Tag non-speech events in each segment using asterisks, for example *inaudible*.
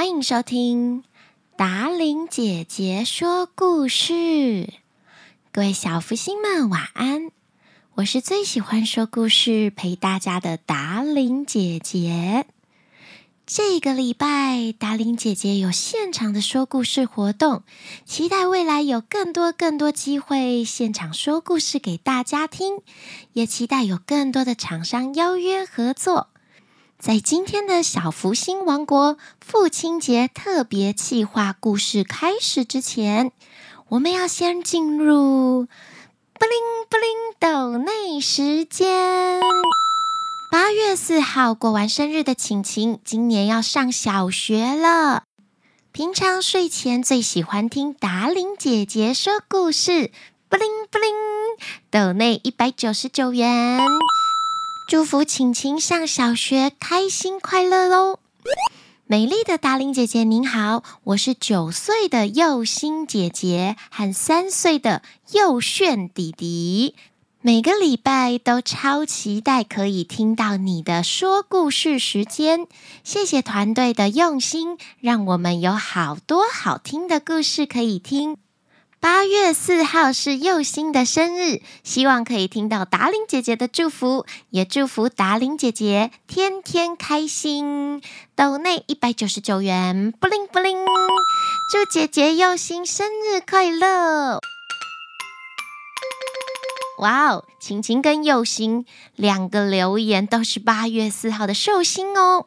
歡迎收聽達伶姐姐說故事，各位小芙星們晚安！我是最喜歡說故事陪大家的達伶姐姐。這個禮拜，達伶姐姐有現場的說故事活動，期待未來有更多更多機會現場說故事給大家聽，也期待有更多的廠商邀約合作。在今天的小芙星王國父親節特別企劃故事開始之前，我們要先進入 “BlingBling 抖內”時間。八月四號過完生日的晴晴，今年要上小學了。平常睡前最喜歡聽達伶姐姐說故事，“BlingBling 抖內”一百九十九元。祝福晴晴上小學開心快樂嘍！美麗的達伶姐姐您好，我是九歲的佑星姐姐和三歲的佑炫弟弟，每個禮拜都超期待可以聽到你的說故事時間。謝謝團隊的用心，讓我們有好多好聽的故事可以聽。八月四號是佑星的生日，希望可以聽到達伶姐姐的祝福，也祝福達伶姐姐天天開心。抖內一百九十九元，布靈布靈，祝姐姐佑星生日快樂！哇、wow, 哦，晴晴跟佑星兩個留言都是八月四號的壽星哦。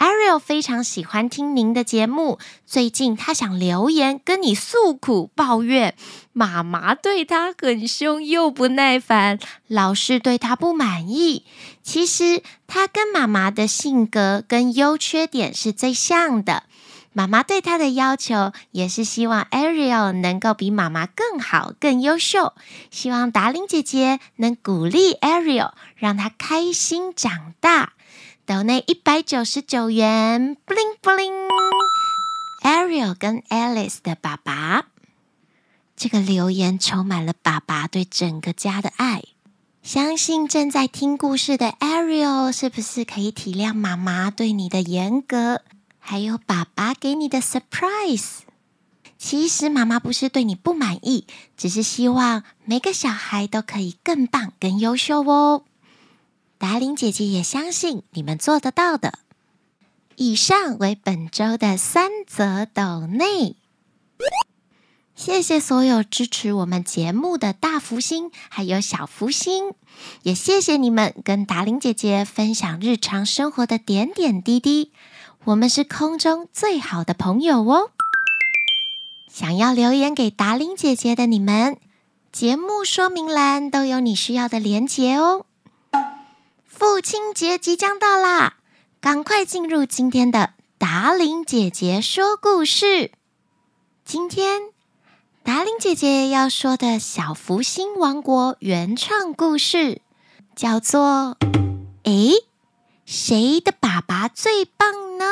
Ariel 非常喜歡聽您的節目。最近，他想留言跟你訴苦、抱怨，媽媽對他很兇又不耐煩，老是對他不滿意。其實，他跟媽媽的性格跟優缺點是最像的。媽媽對他的要求，也是希望 Ariel 能夠比媽媽更好、更優秀。希望達伶姐姐能鼓勵 Ariel，讓他開心長大。抖內一百九十九元，bling bling。Ariel 跟 Alice 的爸爸，這個留言充滿了爸爸對整個家的愛。相信正在聽故事的 Ariel，是不是可以體諒媽媽對你的嚴格，還有爸爸給你的 surprise？其實媽媽不是對你不滿意，只是希望每個小孩都可以更棒、更優秀哦。達伶姐姐也相信你們做得到的。以上為本周的三則抖內。謝謝所有支持我們節目的大芙星，還有小芙星，也謝謝你們跟達伶姐姐分享日常生活的點點滴滴。我們是空中最好的朋友哦。想要留言給達伶姐姐的你們，節目說明欄都有你需要的連結哦。父親節即將到啦，趕快進入今天的達伶姐姐說故事。今天達伶姐姐要說的小芙星王國原創故事叫做《咦，誰的爸爸最棒呢》。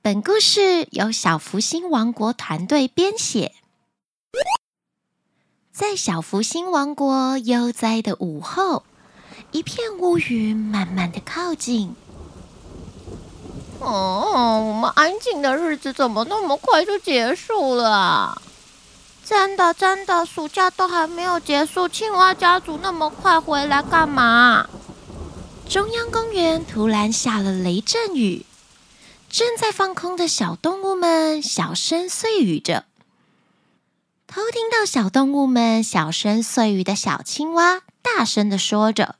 本故事由小芙星王國團隊編寫。在小芙星王國悠哉的午後。一片烏雲慢慢的靠近。哦，我們安靜的日子怎麼那麼快就結束了？真的，真的，暑假都還沒有結束，青蛙家族那麼快回來幹嘛？中央公園突然下了雷陣雨，正在放空的小動物們小聲碎語着。偷聽到小動物們小聲碎語的小青蛙大聲的說着。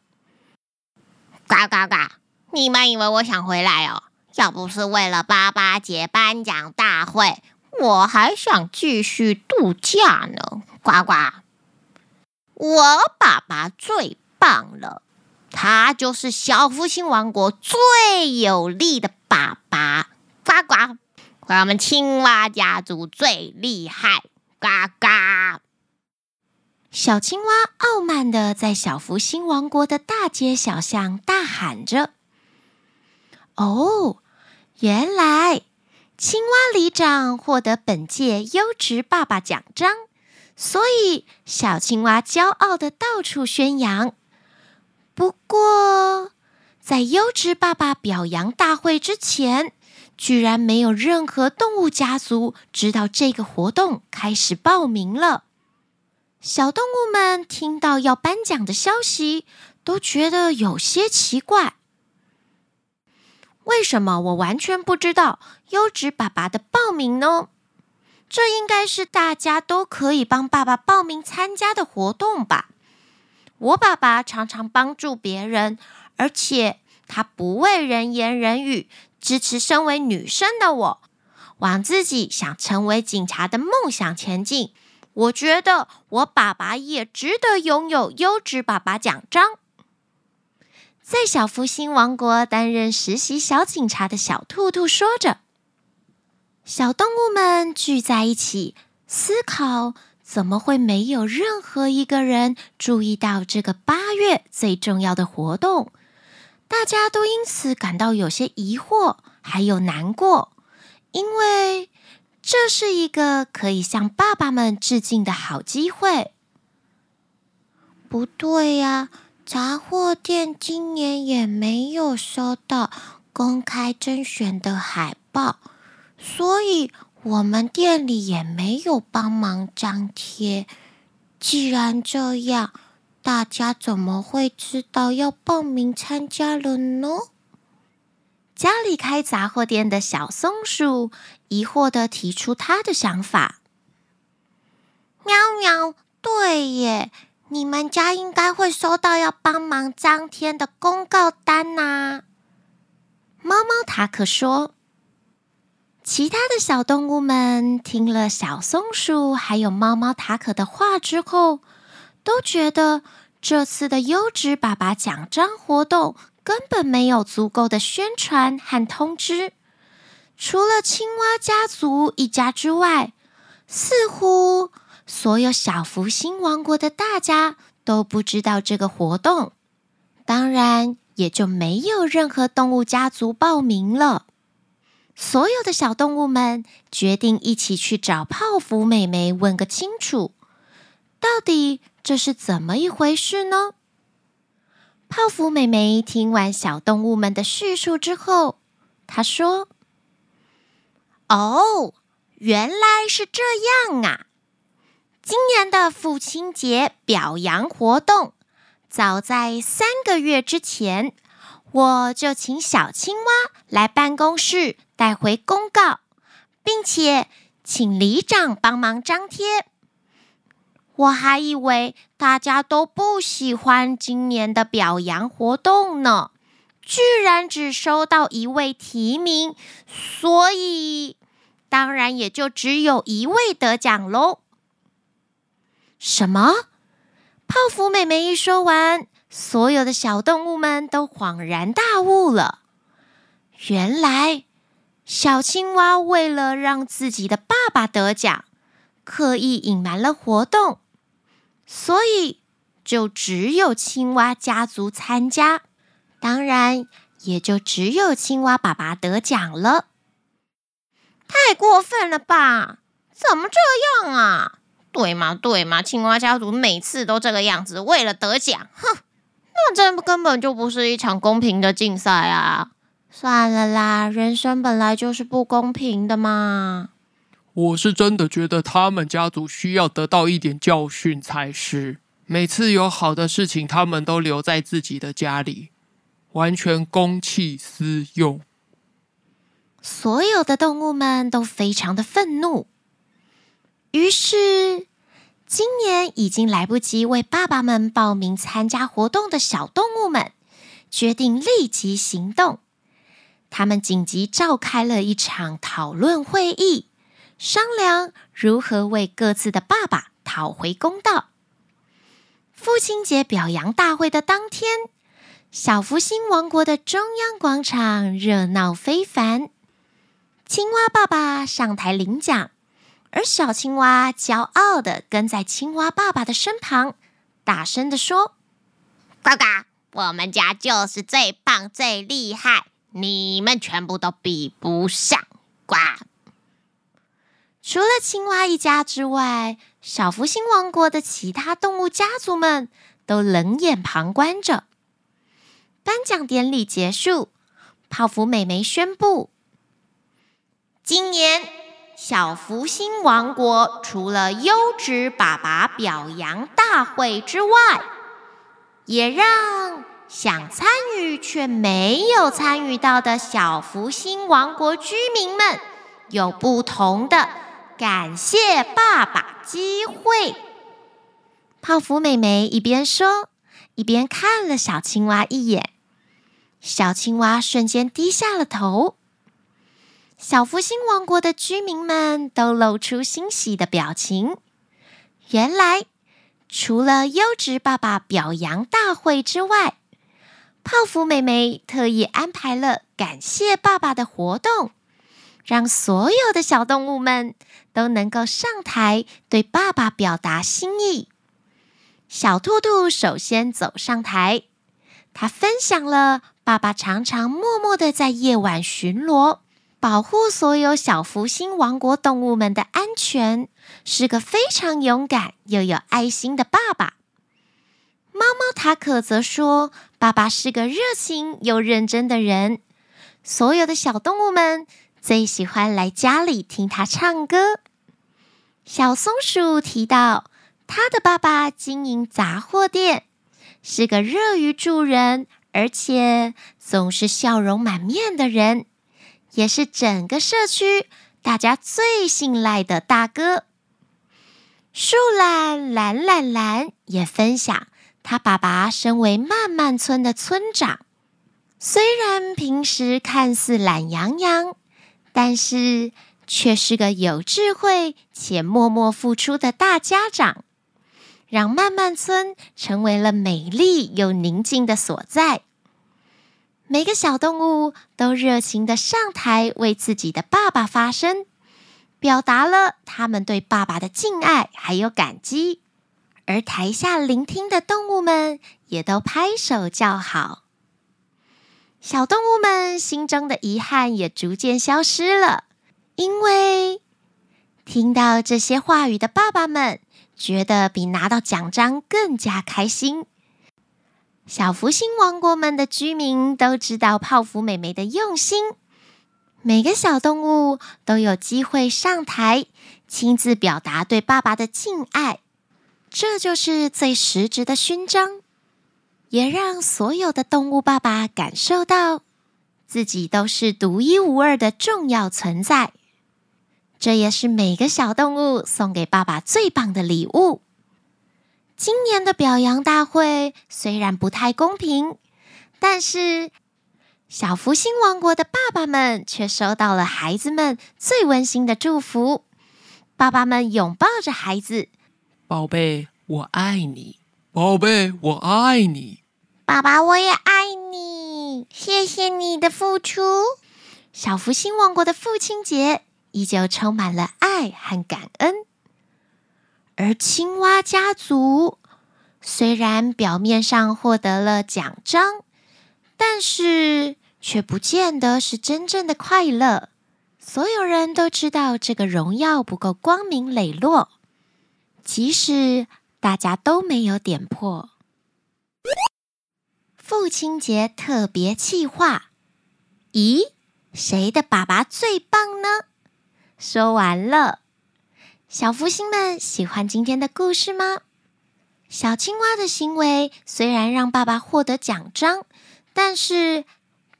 嘎嘎嘎！你們以為我想回來哦？要不是為了爸爸節頒獎大會，我還想繼續度假呢。呱呱！我爸爸最棒了，他就是小芙星王國最有力的爸爸。呱呱！我們青蛙家族最厲害。呱呱！小青蛙傲慢地在小芙星王國的大街小巷大喊着：“哦，原來青蛙里長獲得本屆優質爸爸獎章，所以小青蛙驕傲地到處宣揚。不過，在優質爸爸表揚大會之前，居然沒有任何動物家族知道這個活動開始報名了。”小動物們聽到要頒獎的消息，都覺得有些奇怪。為什麼我完全不知道優質爸爸的報名呢？這應該是大家都可以幫爸爸報名參加的活動吧？我爸爸常常幫助別人，而且他不畏人言人語，支持身為女生的我，往自己想成為警察的夢想前進。我覺得我爸爸也值得擁有優質爸爸獎章。在小芙星王國擔任實習小警察的小兔兔說着，小動物們聚在一起思考，怎麼會沒有任何一個人注意到這個八月最重要的活動？大家都因此感到有些疑惑，還有難過，因為。這是一個可以向爸爸們致敬的好機會。不對呀、啊，雜貨店今年也沒有收到公開甄選的海報，所以我們店裡也沒有幫忙張貼。既然這樣，大家怎麼會知道要報名參加了呢？家裡開雜貨店的小松鼠疑惑地提出他的想法：“喵喵，對耶，你們家應該會收到要幫忙張貼的公告單吶啊。”貓貓塔可說。其他的小動物們聽了小松鼠還有貓貓塔可的話之後，都覺得這次的優質爸爸獎章活動。根本沒有足夠的宣傳和通知，除了青蛙家族一家之外，似乎所有小芙星王國的大家都不知道這個活動，當然也就沒有任何動物家族報名了。所有的小動物們決定一起去找泡芙妹妹問個清楚，到底這是怎麼一回事呢？泡芙美眉聽完小動物們的敘述之後，她說：“哦，原來是這樣啊！今年的父親節表揚活動，早在三個月之前，我就請小青蛙來辦公室帶回公告，並且請里長幫忙張貼。”我還以為大家都不喜歡今年的表揚活動呢，居然只收到一位提名，所以當然也就只有一位得獎嘍。什麼？泡芙妹妹一說完，所有的小動物們都恍然大悟了。原來小青蛙為了讓自己的爸爸得獎，刻意隱瞞了活動。所以，就只有青蛙家族參加，當然也就只有青蛙爸爸得獎了。太過分了吧？怎麼這樣啊？對嘛對嘛，青蛙家族每次都這個樣子，為了得獎，哼，那這根本就不是一場公平的競賽啊！算了啦，人生本來就是不公平的嘛。我是真的覺得他們家族需要得到一點教訓才是。每次有好的事情，他們都留在自己的家裡，完全公器私用。所有的動物們都非常的憤怒。於是，今年已經來不及為爸爸們報名參加活動的小動物們，決定立即行動。他們緊急召開了一場討論會議。商量如何為各自的爸爸討回公道。父親節表揚大會的當天，小芙星王國的中央廣場熱鬧非凡。青蛙爸爸上台領獎，而小青蛙驕傲地跟在青蛙爸爸的身旁，大聲地說：“呱呱，我們家就是最棒、最厲害，你們全部都比不上呱。”除了青蛙一家之外，小芙星王國的其他動物家族們都冷眼旁觀着。頒獎典禮結束，泡芙美眉宣布：今年小芙星王國除了優質爸爸表揚大會之外，也讓想參與卻沒有參與到的小芙星王國居民們有不同的。感謝爸爸機會，泡芙妹妹一邊說，一邊看了小青蛙一眼。小青蛙瞬間低下了頭。小芙星王國的居民們都露出欣喜的表情。原來，除了優質爸爸表揚大會之外，泡芙妹妹特意安排了感謝爸爸的活動，讓所有的小動物們。都能夠上台對爸爸表達心意。小兔兔首先走上台，他分享了爸爸常常默默地在夜晚巡邏，保護所有小芙星王國動物們的安全，是個非常勇敢又有愛心的爸爸。貓貓塔可則說，爸爸是個熱情又認真的人，所有的小動物們最喜歡來家裡聽他唱歌。小松鼠提到，他的爸爸經營雜貨店，是個樂於助人，而且總是笑容滿面的人，也是整個社區大家最信賴的大哥。樹懶懶懶懶也分享，他爸爸身為慢慢村的村長，雖然平時看似懶洋洋，但是，卻是個有智慧且默默付出的大家長，讓漫漫村成為了美麗又寧靜的所在。每個小動物都熱情地上台為自己的爸爸發聲，表達了他們對爸爸的敬愛還有感激。而台下聆聽的動物們也都拍手叫好。小動物們心中的遺憾也逐漸消失了。因為聽到這些話語的爸爸們，覺得比拿到獎章更加開心。小芙星王國們的居民都知道泡芙美美的用心。每個小動物都有機會上台，親自表達對爸爸的敬愛。這就是最實質的勳章，也讓所有的動物爸爸感受到自己都是獨一無二的重要存在。這也是每個小動物送給爸爸最棒的禮物。今年的表揚大會雖然不太公平，但是小芙星王國的爸爸們卻收到了孩子們最溫馨的祝福。爸爸們擁抱着孩子：“寶貝，我愛你！寶貝，我愛你！爸爸，我也愛你！謝謝你的付出。”小芙星王國的父親節。依舊充滿了愛和感恩。而青蛙家族雖然表面上獲得了獎章，但是卻不見得是真正的快樂。所有人都知道這個榮耀不夠光明磊落，即使大家都沒有點破。父親節特別企劃：“咦，誰的爸爸最棒呢？”說完了，小芙星們喜歡今天的故事嗎？小青蛙的行為雖然讓爸爸獲得獎章，但是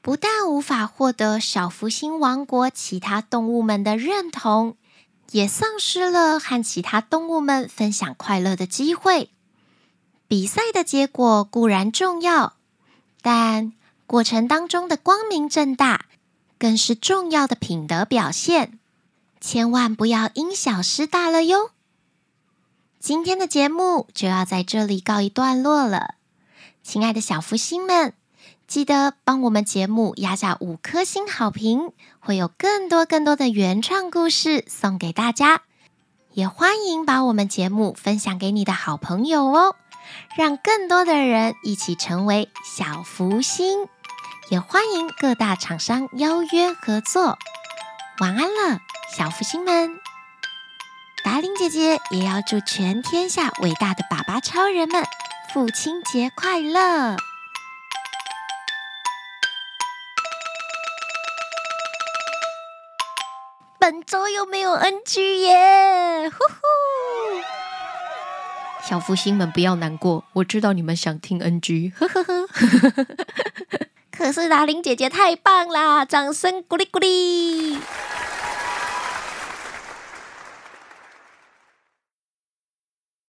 不但無法獲得小芙星王國其他動物們的認同，也喪失了和其他動物們分享快樂的機會。比賽的結果固然重要，但過程當中的光明正大更是重要的品德表現。千萬不要因小失大了喲！今天的節目就要在這裡告一段落了。親愛的小芙星們，記得幫我們節目壓下五顆星好評，會有更多更多的原創故事送給大家。也歡迎把我們節目分享給你的好朋友哦，讓更多的人一起成為小芙星。也歡迎各大廠商邀約合作。晚安了。小芙星們，達伶姐姐也要祝全天下偉大的爸爸超人們父親節快樂！本周又沒有 NG 耶，呼呼！小芙星們不要難過，我知道你們想聽 NG，呵呵呵， *laughs* *laughs* 可是達伶姐姐太棒啦，掌聲鼓勵鼓勵！